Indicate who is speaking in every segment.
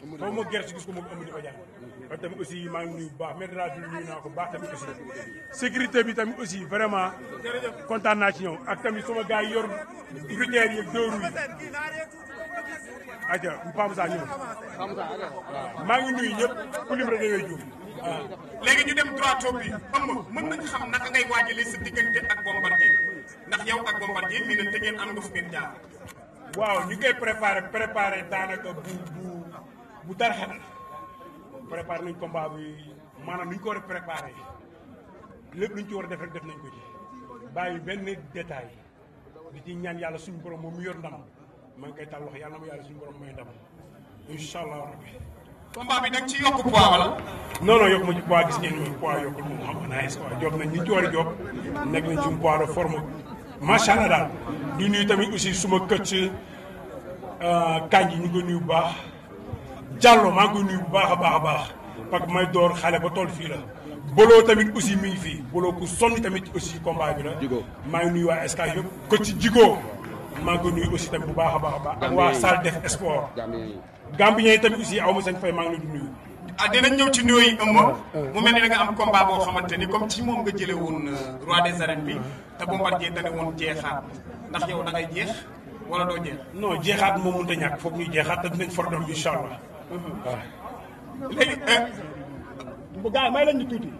Speaker 1: xaw ma gerte gis ko moom amuñu ko jàpp. tamit aussi maa ngi bu baax maire de la ville sécurité bi tamit aussi vraiment kontaan naa ci ñoom ak tamit sama a yi yor
Speaker 2: routière yi ak deux roues yi. aja Pa Moussa ñëw.
Speaker 1: maa ngi nuyu ñëpp ku lim rek da
Speaker 2: léegi ñu dem droit toog bi ëmb mën nañu xam naka ngay waajalee sa diggante ak bombardier ndax yow ak bombardier mii nag te ngeen am nga fu ngeen jaar. waaw ñu ngi koy préparé préparé daanaka bu bu.
Speaker 1: bu dara xewal préparé nañ combat bi maanaam ni ñu ko war a préparé lépp lu ñu ci war a def def nañ ko ci bàyyi benn détail di ci ñaan yàlla suñu borom moom mu yor ndama maa ngi koy taal yàlla na ma yàlla suñu borom may ndam incha
Speaker 2: allah rabbi. combat bi da nga ci yokk poids wala.
Speaker 1: non non yokk ma ci poids gis ngeen mooy poids yokkul moom xam naa est-ce que job ci war a job nekk nañ ci un poids de forme macha allah daal. di nuyu tamit aussi suma këcc euh, kànji ñu ngi ko Diallo maa ngi nuyu bu baax a baax a baax parce que may door xale ba toll fii la Bolo tamit aussi mi ngi fii Bolo ku sonn tamit aussi combat bi la. maa ngi nuyu waa SK yëpp. ko ci Jigo maa ngi koy nuyu aussi tamit bu baax a baax a baax. ak waa a def sport. Gambien
Speaker 2: yi tamit ma sañ fay maa ngi leen di nuyu. ah mu mel ni da boo xamante ni comme ci moom nga jëlee woon euh, roi des arènes bi te Bombardier da ne woon jeexaat ndax yow da ngay jeex wala doo jeex. non jeexaat moom mënut a ñàkk jeexaat te dinañ for waaw léegi. Eh. gars yi may lañu tuuti.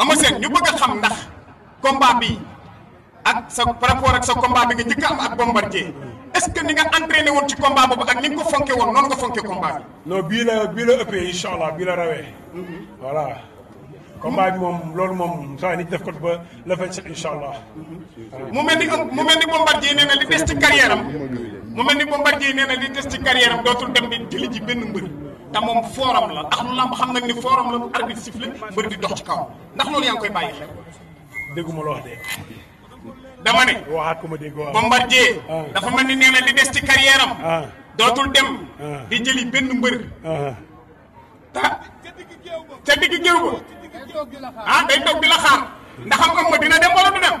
Speaker 2: Eumeu Sène ñu bëgg a xam ndax combat bi ak sa par rapport ak sa combat bi nga njëkk am ak Bombardier est-ce que ni nga entraîné woon ci combat boobu ak ni nga ko fonke woon noonu nga fonke combat
Speaker 1: bi. bii la bii la ëppee incha bii la rawee. Mhm. voilà. combat bi moom loolu moom saa nit def ko ba le 27 incha mu mel ni mu mel ni Bombardier nee na li des
Speaker 2: ni Bombardier nee na li des ci carrière am dootul dem di jëli ji benn mbër te moom xam nañ ni forum la bu arbitre koy bàyyi xel.
Speaker 1: loo wax de. dama ne. waxaat ko ma
Speaker 2: dégg waaw Bombardier. Ah. dafa mel ni nee na li des ci carrière am. Ah. dootul dem. Ah. di jëli benn mbër. te ca digg géew ba. ah day di la xaar ndax xam nga dina dem wala du dem.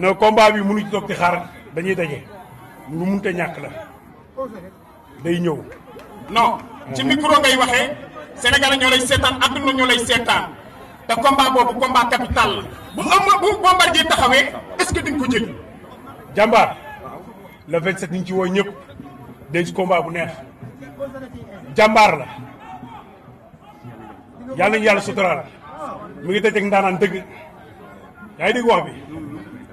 Speaker 1: ne combat bi mënu ci di xaar dañuy daje lu mënut a ñàkk la day ñëw.
Speaker 2: non ci micro ngay waxee Sénégal ñoo lay seetaan adduna ñoo lay seetaan te combat boobu combat capital la bu ëmb bu Bombardier taxawee est-ce que duñ ko jël. jàmbaar
Speaker 1: le 27 ni ñu ci woo ñëpp day ci bu neex jàmbaar la
Speaker 2: yàlla ñu yàlla suturaal.
Speaker 1: mu ngi tëj ak ndaanaan dëgg yaa ngi dégg wax bi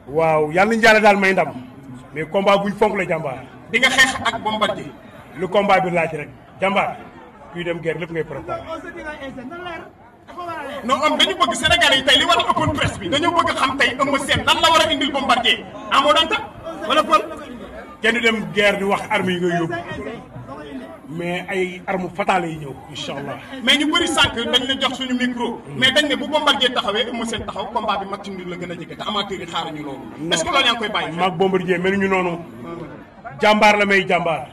Speaker 1: waaw yàlla nañu yàlla daal may ndam mais combat buñ fonk la jàmbaar. di nga xeex ak Bombardier. lu combat laaj rek jàmbaar
Speaker 2: kuy dem guerre lépp ngay préparé. non am dañu bëgg Sénégal yi tey li war a open press bi dañu bëgg xam tey Eumeu Sène lan war a indil Bombardier amoo danta wala Paul. kenn du dem guerre di wax armes yi ngay yóbbu. mais ay armes fatales yi ñëw incha allah. mais ñu bëri sànq dañ la jox suñu micro. mais dañ ne bu Bombardier taxawee Eumeu Sène taxaw combat bi match nul la gën a jege te amateur yi xaaruñu loolu. est-ce que
Speaker 1: ñu noonu jàmbaar la may jàmbaar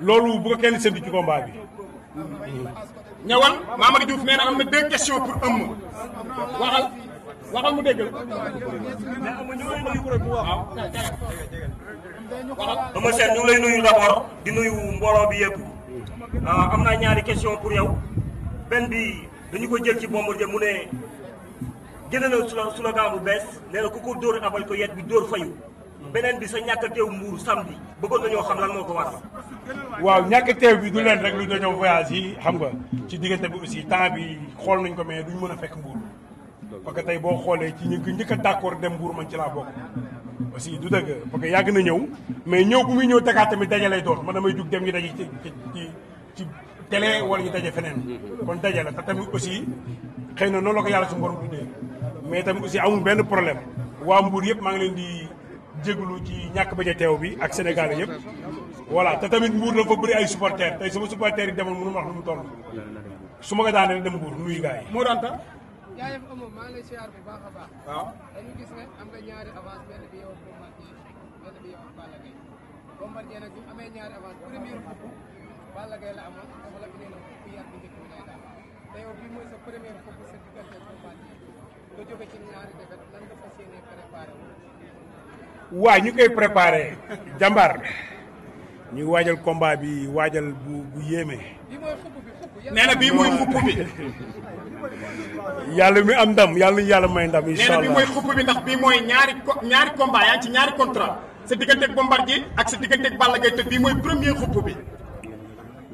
Speaker 1: loolu bu ko kenn séntu ci bi.
Speaker 2: ñëwal Mamadou Diouf nee na am na deux questions pour Eumeu waxal. waxal mu dégg
Speaker 1: la. waaw. di nuyu mbooloo bi yëpp. Euh, am naa ñaari question pour yow benn bi dañu ko jël ci Bombardier mu ne génne na su la slogan bu bees nee na ku ko dóor abal ko yet bi dóor fayu beneen bi sa ñàkk teew mbuur samedi bëggoon nañoo xam lan moo ko waral. waaw ñàkk teew bi du leen rek lu dañoo voyage yi xam nga ci diggante bi aussi temps bi xool nañ ko mais duñ mën a fekk mbuur parce que tey boo xoolee ci ñi njëkk a d'accord dem mbuur man ci laa bokk. aussi du dëgg parce que yàgg na ñëw mais ñëw bu muy ñëw Dakar tamit daje lay doon man damay jug dem ñu daje ci télé wala ñu daje feneen. kon daje la te tamit aussi xëy na noonu la ko yàlla suñu borom tuddee mais tamit aussi amul benn problème waa Mbour yëpp maa ngi leen di jéglu ci ñàkk ba a teew bi ak Sénégal yëpp. voilà te tamit Mbour dafa bëri ay supporters tey sama supporters yi demoon ma wax lu mu toll su ma ko daanee dem Mbour nuyu
Speaker 2: jaajëf Omo maa ngi lay baax a baax. waaw dañu gis ne am nga ñaari avance benn bi yow Bombardier benn bi yow ak Balla Gaye Bombardier bi mu amee ñaari avance première coup Balla Gaye la amoon dafa la indee nag ku yar bi njëkk bi lay daal te yow bii mooy sa première coup sa diggante Bombardier nga jóge ci ñaari defet lan nga
Speaker 1: ñu koy préparé jàmbaar. ñu waajal combat bi waajal bu bu yéeme.
Speaker 2: nee na bii mooy bi.
Speaker 1: yàlla am ndam yàlla yàlla may ndam. incha allah nee na mooy
Speaker 2: xupp bi ndax bii mooy ñaari ñaari combat yaa ngi ci ñaari contrat sa digganteeg Bombardier ak sa digganteeg Balla Gaye te bii mooy premier xupp bi.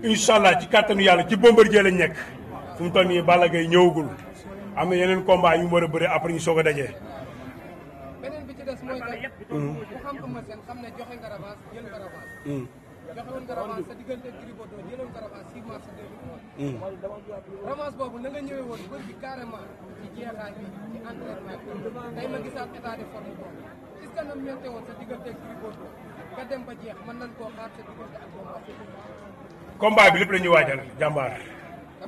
Speaker 2: incha allah ci
Speaker 1: kàttanu yàlla ci Bombardier lañ nekk fu mu toll nii Balla Gaye ñëwagul am yeneen combat yu mu a bëre après ñu soog a daje.
Speaker 2: beneen bi joxewoon nga revanche sa diggante Gris Bordeaux jëloon nga revanche 6 mars 2023. revanche boobu na nga ñëwee woon bër bi carrément ci jeexaay bi ci entraînement bi tey ma gisaat état de forme boobu est-ce que na méttee woon sa diggante Gris Bordeaux nga dem ba jeex mën nañ koo xaar sa diggante ak boobu ak
Speaker 1: combat bi lépp la ñuy waajal jàmbaar.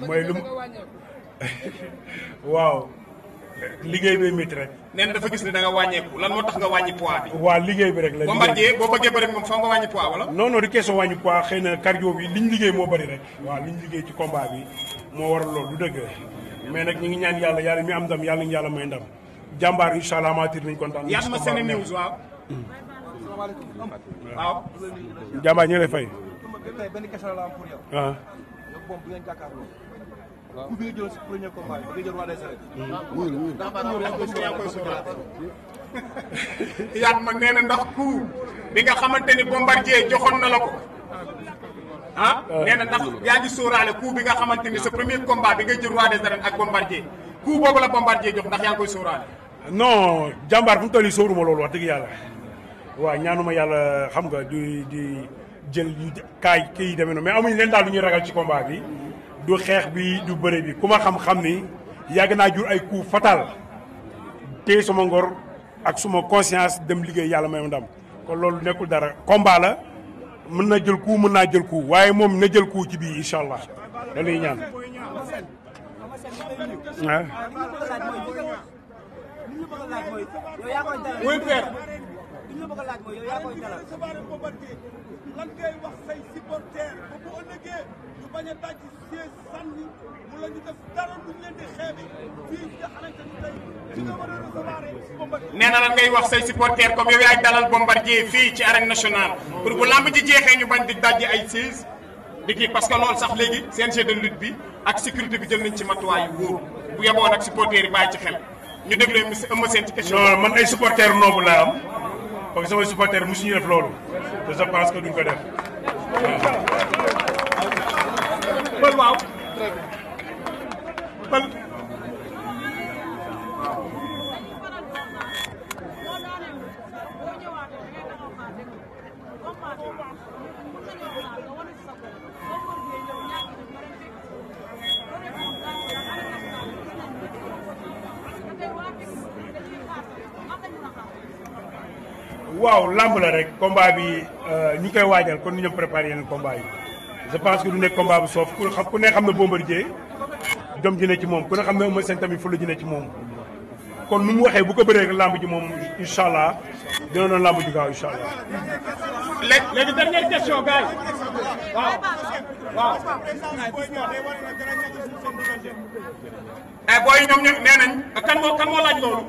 Speaker 1: mooy lu waaw. liggéey bi métti rek.
Speaker 2: nee na dafa gis ni da nga wàññeeku lan moo tax nga wàññi poids bi.
Speaker 1: waaw liggéey bi rek la. Bombardier
Speaker 2: boo bëggee bëri moom fa nga wàññi poids wala.
Speaker 1: non non du question wàññi poids xëy na cardio bi liñ liggéey moo bëri rek. waaw liñ liggéey ci combat bi moo waral loolu du dëgg mais nag ñu ngi ñaan yàlla yàlla mi am ndam yàlla ñu yàlla may ndam jàmbaar incha allah amatir nañ kontaan. yaa ma seen news
Speaker 2: waaw. waaw. jàmbaar ñu lay fay. ku koy jël premier combat bi nga jël waa hmm. ma na ndax ku nga xamante ni bombardier joxoon na la ko. ah nee ndax yaa ngi sóoraale coup bi nga xamante ni sa premier compa bi nga jël roi des arènes ak bombardier coup boobu la bombardier jox ndax yaa koy sóoraale. non jàmbaar fu mu toll nii sóoruma loolu wax dëgg yàlla
Speaker 1: waaw ñaanuma yàlla xam nga di di jël kaay kii yi demee noonu mais amuñu leen daal lu ñuy ragal ci combat bi. du xeex bi du bëre bi ku ma xam-xam ni yàgg naa jur ay coup fatal téye sama ngor ak suma conscience dem liggéey yàlla may ndam kon loolu nekkul dara combat la mën na jël coup mën naa jël coup waaye moom na jël coup ci biir incha allah loolu yi ñaan.
Speaker 2: bañ a daj nee na lan ngay wax say supporter comme yow yaay dalal Bombardier fii ci arène nationale pour bu lamb ji jeexee ñu bañ di dajji ay siège di kii parce que loolu sax léegi CNG de lutte bi ak sécurité bi jël nañ ci matuwaay yu wóor bu yeboo ak supporter yi bàyyi ci xel ñu déglu monsieur Eumeu Sène ci question. non man ay supporter noobu laa am parce que samay supporter mosuñu def
Speaker 1: loolu te je que duñ
Speaker 2: def waaw. kon.
Speaker 1: la rek combat bi euh, ñu koy waajal kon ni ñu préparé yeneen combat je pense que du nekk combat bu soof ku xam ku ne xam ne Bombardier jom ji ne ci moom ku ne xam ne Eumeu Sène tamit fulla ji ne ci moom kon nu mu waxee bu ko bëree lamb ji moom incha allah dina doon lamb ji gaaw incha allah.
Speaker 2: léegi léegi dernière question gars yi waaw waaw. Eh, booy ñoom ñu nee nañ kan moo kan moo laaj loolu.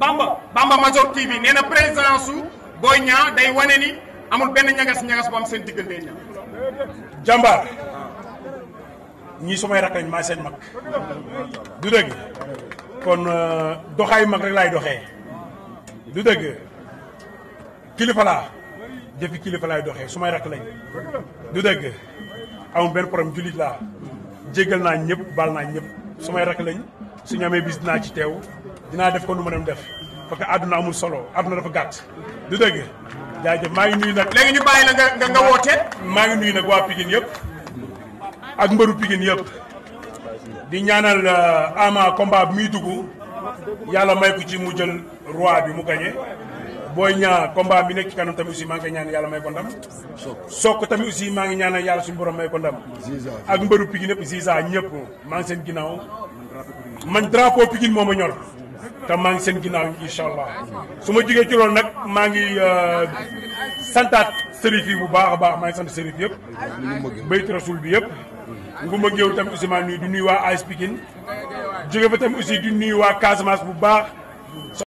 Speaker 2: Bamba Bamba Major TV nee na présidence su Boy day wane ni amul benn ñagas ñagas bu am seen jàmbaar
Speaker 1: ñii sumay rakk lañ maa seen mag du dëgg kon euh, doxaayu mag rek laay doxee du dëgg kilifa laa jëfi kilifa laay doxee sumay rakk lañ du dégg amul benn problème jullit laa jéggal naa ñëpp baal naa ñëpp may rakk lañ su ñu amee bis dinaa ci teew dinaa def ko nu ma dem def parce que àdduna amul solo àdduna dafa gàtt du dégg jaajëf maa ngi nuyu nag léegi ñu bàyyi la nga nga woote. maa ngi nuyu nag waa Pikine yëpp ak mbëru Pikine yëpp di ñaanal euh, Ama combat bi muy dugg yàlla may ko ci mu jël roi bi mu gagné. booy ñaa combat bi nekk ci kanam tamit si maa ngi koy ñaan yàlla may ko ndam. sokk tamit aussi maa ngi ñaanal yàlla suñu borom may ko ak mbëru Pikine yëpp Ziza ñëpp maa ngi seen ginnaaw. man drapeau Pikine moo ma ñor. te maa ngi seen ginnaaw incha allah su ma jigee ci nag. maa ngi euh, santaat sëriñ bu baax a baax maa ngi sant sëriñ yëpp. bayt rasul bi yëpp. nguma géew tam aussi maa nuyu di nuyu waa AS Pikine jóge fa tam aussi di nuyu waa Casamance bu baax.